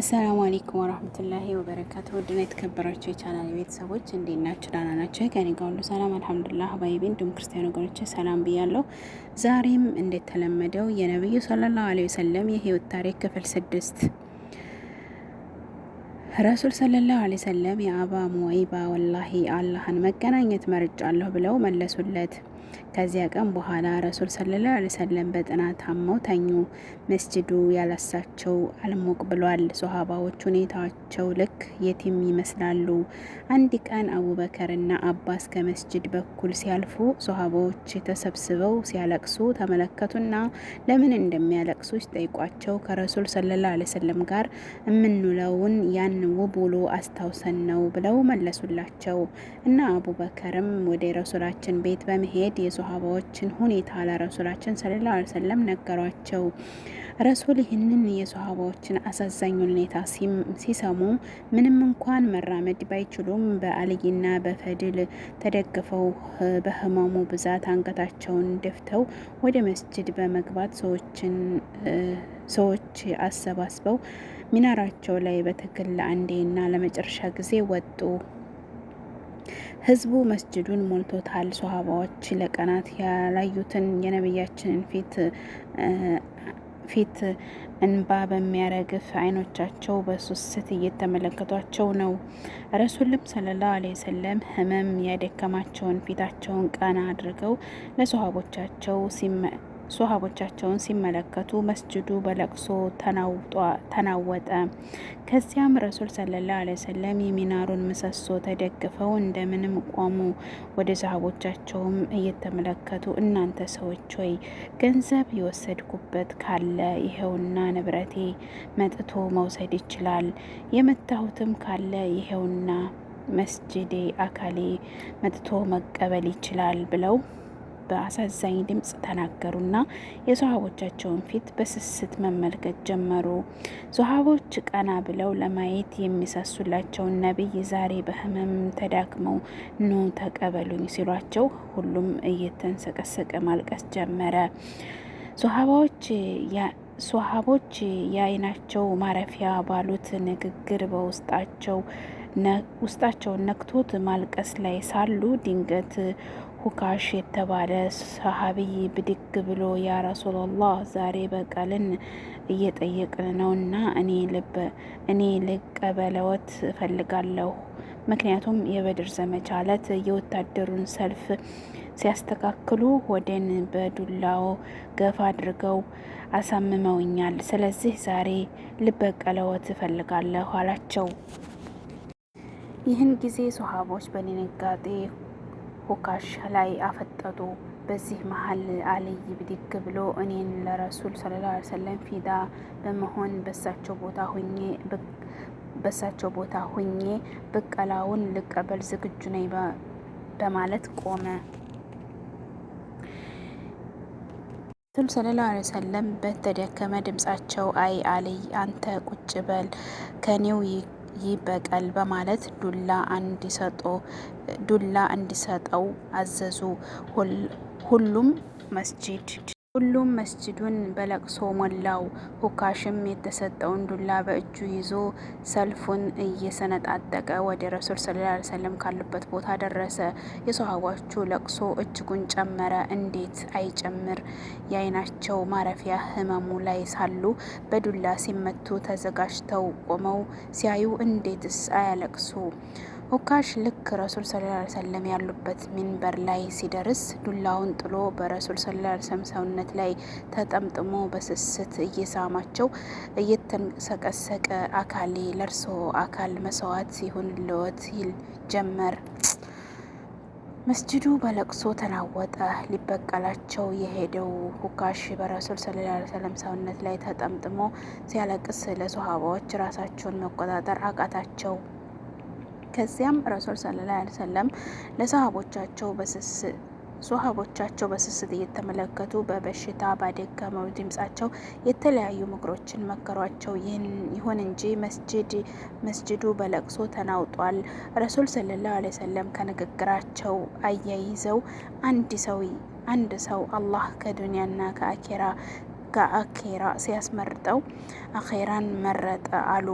አሰላሙ አለይኩም ወራህመቱላሂ ወበረካቱ። ውድና የተከበራችሁ የቻናል ቤተሰቦች እንዴት ናችሁ? ደህና ናችሁ? ከኔ ጋር ሁሉ ሰላም አልሐምዱሊላህ። ባይቤ እንዲሁም ክርስቲያን ወገኖች ሰላም ብያለሁ። ዛሬም እንደተለመደው የነብዩ ሰለላሁ ዐለይሂ ወሰለም የህይወት ታሪክ ክፍል ስድስት ረሱል ሰለላሁ ዐለይሂ ወሰለም የአባ ሙወይባ ወላሂ አላህን መገናኘት መርጫለሁ ብለው መለሱለት። ከዚያ ቀን በኋላ ረሱል ሰለላሁ ዐለይሂ ወሰለም በጥና ታመው ተኙ። መስጅዱ ያላሳቸው አልሞቅ ብሏል። ሶሃባዎች ሁኔታቸው ልክ የቲም ይመስላሉ። አንድ ቀን አቡበከርና አባስ ከመስጅድ በኩል ሲያልፉ ሶሃባዎች ተሰብስበው ሲያለቅሱ ተመለከቱና ለምን እንደሚያለቅሱ ሲጠይቋቸው ከረሱል ሰለላሁ ዐለይሂ ወሰለም ጋር የምንውለውን ያን ውብ ውሎ አስታውሰን ነው ብለው መለሱላቸው እና አቡበከርም ወደ ረሱላችን ቤት በመሄድ የሶሃባዎችን ሁኔታ ለረሱላችን ሰለላሁ ዐለይሂ ወሰለም ነገሯቸው። ረሱል ይህንን የሶሃባዎችን አሳዛኝ ሁኔታ ሲሰሙ ምንም እንኳን መራመድ ባይችሉም በአልይና በፈድል ተደግፈው በህመሙ ብዛት አንገታቸውን ደፍተው ወደ መስጅድ በመግባት ሰዎችን ሰዎች አሰባስበው ሚናራቸው ላይ በትክክል ለአንዴና ለመጨረሻ ጊዜ ወጡ። ህዝቡ መስጅዱን ሞልቶታል። ሶሀባዎች ለቀናት ያላዩትን የነቢያችንን ፊት ፊት እንባ በሚያረግፍ አይኖቻቸው በሱስት እየተመለከቷቸው ነው። ረሱልም ሰለላሁ ዐለይሂ ወሰለም ህመም ያደከማቸውን ፊታቸውን ቀና አድርገው ለሶሃቦቻቸው ሶሃቦቻቸውን ሲመለከቱ መስጅዱ በለቅሶ ተናወጠ። ከዚያም ረሱል ሰለላሁ ዓለይሂ ወሰለም የሚናሩን ምሰሶ ተደግፈው እንደምንም ቆሙ። ወደ ሶሃቦቻቸውም እየተመለከቱ እናንተ ሰዎች ሆይ ገንዘብ የወሰድኩበት ካለ ይሄውና ንብረቴ መጥቶ መውሰድ ይችላል። የመታሁትም ካለ ይሄውና መስጅዴ አካሌ መጥቶ መቀበል ይችላል ብለው በአሳዛኝ ድምጽ ተናገሩና የሶሀቦቻቸውን ፊት በስስት መመልከት ጀመሩ። ሶሀቦች ቀና ብለው ለማየት የሚሳሱላቸውን ነቢይ ዛሬ በህመም ተዳክመው ኑ ተቀበሉኝ ሲሏቸው ሁሉም እየተንሰቀሰቀ ማልቀስ ጀመረ። ሶሀባዎች ሶሀቦች የአይናቸው ማረፊያ ባሉት ንግግር በውስጣቸው ውስጣቸውን ነክቶት ማልቀስ ላይ ሳሉ ድንገት ሁካሽ የተባለ ሰሀቢይ ብድግ ብሎ ያ ረሱላላህ ዛሬ በቀልን እየጠየቅን ነውና እኔ ልቀበለወት እፈልጋለሁ። ምክንያቱም የበድር ዘመቻ ዕለት የወታደሩን ሰልፍ ሲያስተካክሉ ወደን በዱላው ገፋ አድርገው አሳምመውኛል። ስለዚህ ዛሬ ልበቀለወት እፈልጋለሁ አላቸው። ይህን ጊዜ ሶሀቦች በድንጋጤ ሁካሽ ላይ አፈጠጡ። በዚህ መሀል አልይ ብድግ ብሎ እኔን ለረሱል ስለ ላ ሰለም ፊዳ በመሆን በሳቸው ቦታ ሁኜ በሳቸው ቦታ ሁኜ ብቀላውን ልቀበል ዝግጁ ነኝ በማለት ቆመ። ረሱል ሰለላሁ ዐለይሂ ወሰለም በተደከመ ድምጻቸው አይ አልይ አንተ ቁጭ በል ከኔው ይበቀል በማለት ዱላ ዱላ እንዲሰጠው አዘዙ። ሁሉም መስጂድ ሁሉም መስጅዱን በለቅሶ ሞላው። ሁካሽም የተሰጠውን ዱላ በእጁ ይዞ ሰልፉን እየሰነጣጠቀ ወደ ረሱል ሰለላሁ ዐለይሂ ወሰለም ካሉበት ቦታ ደረሰ። የሰሃቦቹ ለቅሶ እጅጉን ጨመረ። እንዴት አይጨምር! የአይናቸው ማረፊያ ህመሙ ላይ ሳሉ በዱላ ሲመቱ ተዘጋጅተው ቆመው ሲያዩ እንዴትስ አያለቅሱ! ሆካሽ ልክ ረሱል ሰለላሁ ሰለም ያሉበት ሚንበር ላይ ሲደርስ ዱላውን ጥሎ በረሱል ሰለላሁ ዐለይሂ ሰውነት ላይ ተጠምጥሞ በስስት እየሳማቸው እየተንሰቀሰቀ አካሌ ለርሶ አካል መስዋዕት ይሁንልዎት ይል ጀመር። መስጅዱ በለቅሶ ተናወጠ። ሊበቀላቸው የሄደው ሁካሽ በረሱል ሰለላሁ ዐለይሂ ወሰለም ሰውነት ላይ ተጠምጥሞ ሲያለቅስ ለሶሃባዎች ራሳቸውን መቆጣጠር አቃታቸው። ከዚያም ረሱል ሰለላሁ ዐለይሂ ወሰለም ለሰሃቦቻቸው በስስ ሶሃቦቻቸው በስስት እየተመለከቱ በበሽታ ባደከመው ድምጻቸው የተለያዩ ምክሮችን መከሯቸው። ይሁን እንጂ መስጅድ መስጅዱ በለቅሶ ተናውጧል። ረሱል ሰለላሁ ዐለይሂ ወሰለም ከንግግራቸው አያይዘው አንድ ሰው አንድ ሰው አላህ ከዱንያና ከአኬራ አኬራ ሲያስመርጠው አኼራን መረጠ አሉ።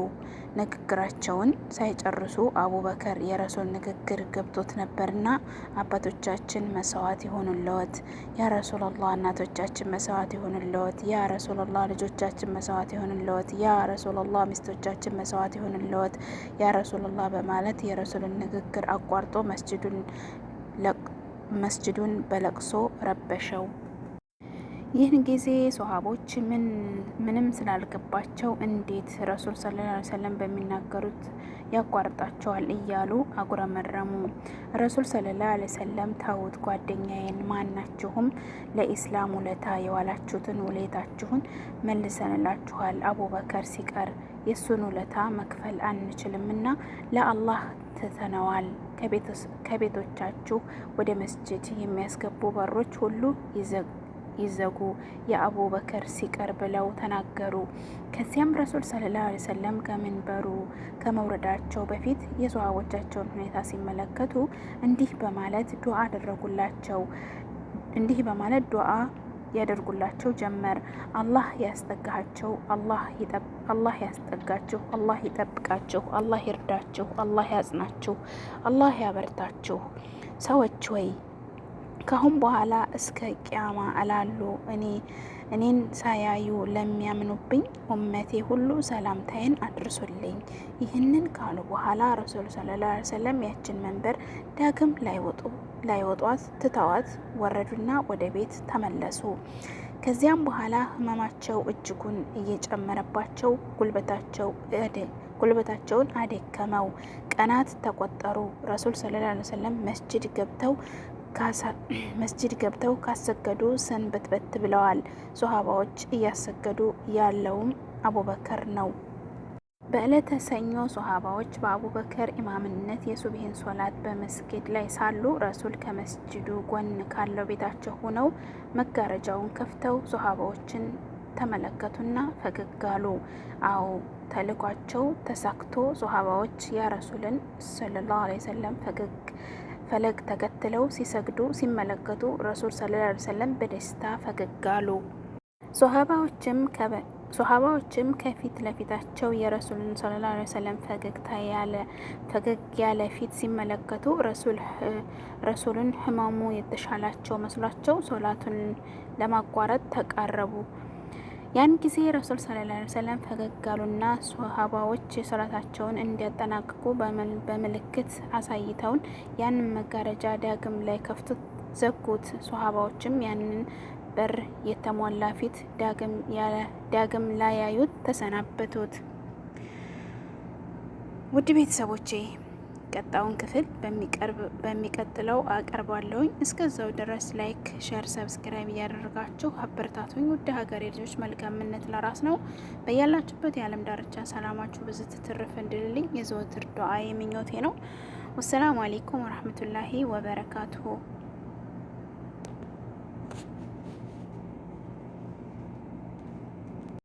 ንግግራቸውን ሳይጨርሱ አቡበከር የረሱል ንግግር ገብቶት ነበርና አባቶቻችን መስዋዕት የሆኑለወት ያ ረሱላላህ፣ እናቶቻችን መስዋዕት ይሆኑልዎት፣ ያ ረሱላላህ፣ ልጆቻችን መስዋዕት ይሆኑልዎት፣ ያ ረሱላላህ፣ ሚስቶቻችን መስዋዕት ይሆኑልዎት፣ ያ ረሱላላህ በማለት የረሱልን ንግግር አቋርጦ መስጅዱን በለቅሶ ረበሸው። ይህን ጊዜ ሶሃቦች ምንም ስላልገባቸው እንዴት ረሱል ሰለላሁ ዐለይሂ ወሰለም በሚናገሩት ያቋርጣቸዋል እያሉ አጉረመረሙ። ረሱል ሰለላሁ ዐለይሂ ወሰለም ተዉት፣ ጓደኛዬን ማናችሁም ለኢስላም ውለታ የዋላችሁትን ውለታችሁን መልሰንላችኋል። አቡበከር ሲቀር የእሱን ውለታ መክፈል አንችልምና ለአላህ ትተነዋል። ከቤቶቻችሁ ወደ መስጅድ የሚያስገቡ በሮች ሁሉ ይዘጉ ይዘጉ የአቡበከር ሲቀር ብለው ተናገሩ። ከዚያም ረሱል ሰለላሁ ዐለይሂ ወሰለም ከምንበሩ ከመውረዳቸው በፊት የሰሃቦቻቸውን ሁኔታ ሲመለከቱ እንዲህ በማለት ዱዓ አደረጉላቸው። እንዲህ በማለት ዱዓ ያደርጉላቸው ጀመር። አላህ ያስጠጋቸው፣ አላህ ያስጠጋችሁ፣ አላህ ይጠብቃችሁ፣ አላህ ይርዳችሁ፣ አላህ ያጽናችሁ፣ አላህ ያበርታችሁ። ሰዎች ወይ ካሁን በኋላ እስከ ቅያማ እላሉ እኔ እኔን ሳያዩ ለሚያምኑብኝ ኡመቴ ሁሉ ሰላምታዬን አድርሱልኝ። ይህንን ካሉ በኋላ ረሱሉ ሰለላሁ ዐለይሂ ወሰለም ያችን መንበር ዳግም ላይወጡ ላይወጧት ትተዋት ወረዱና ወደ ቤት ተመለሱ። ከዚያም በኋላ ህመማቸው እጅጉን እየጨመረባቸው ጉልበታቸው ጉልበታቸውን አደከመው። ቀናት ተቆጠሩ። ረሱል ሰለላሁ ዐለይሂ ወሰለም መስጅድ ገብተው መስጂድ ገብተው ካሰገዱ ሰንበትበት ብለዋል። ሶሃባዎች እያሰገዱ ያለውም አቡበከር ነው። በዕለተ ሰኞ ሶሃባዎች በአቡበከር ኢማምነት የሱብሂን ሶላት በመስጊድ ላይ ሳሉ ረሱል ከመስጅዱ ጎን ካለው ቤታቸው ሆነው መጋረጃውን ከፍተው ሶሃባዎችን ተመለከቱና ፈገግ አሉ። አዎ ተልኳቸው ተሳክቶ ሶሃባዎች ያ ረሱልን ሰለላሁ ዐለይሂ ወሰለም ፈገግ ፈለግ ተከትለው ሲሰግዱ ሲመለከቱ ረሱል ሰለላሁ ዐለይሂ ወሰለም በደስታ ፈገግ አሉ። ሶሃባዎችም ከፊት ለፊታቸው የረሱልን ሰለላሁ ዐለይሂ ወሰለም ፈገግታ ያለ ፈገግ ያለ ፊት ሲመለከቱ ረሱልን ህመሙ የተሻላቸው መስሏቸው ሶላቱን ለማቋረጥ ተቃረቡ። ያን ጊዜ ረሱል ሰለላሁ ዐለይሂ ወሰለም ፈገግ አሉና ሶሃባዎች ሶላታቸውን እንዲያጠናቅቁ በምልክት አሳይተውን ያንን መጋረጃ ዳግም ላይ ከፍቱት ዘጉት። ሶሃባዎችም ያንን በር የተሟላ ፊት ዳግም ላያዩት ተሰናበቱት። ውድ ቤተሰቦቼ ቀጣውን ክፍል በሚቀጥለው አቀርባለሁኝ። እስከዛው ድረስ ላይክ፣ ሼር፣ ሰብስክራይብ እያደረጋችሁ አበረታቱኝ። ውድ ሀገሬ ልጆች መልካምነት ለራስ ነው። በያላችሁበት የዓለም ዳርቻ ሰላማችሁ ብዙ ትትርፍ እንድልልኝ የዘወትር ዱዓ የምኞቴ ነው። ወሰላሙ አሌይኩም ወረህመቱላሂ ወበረካቱሁ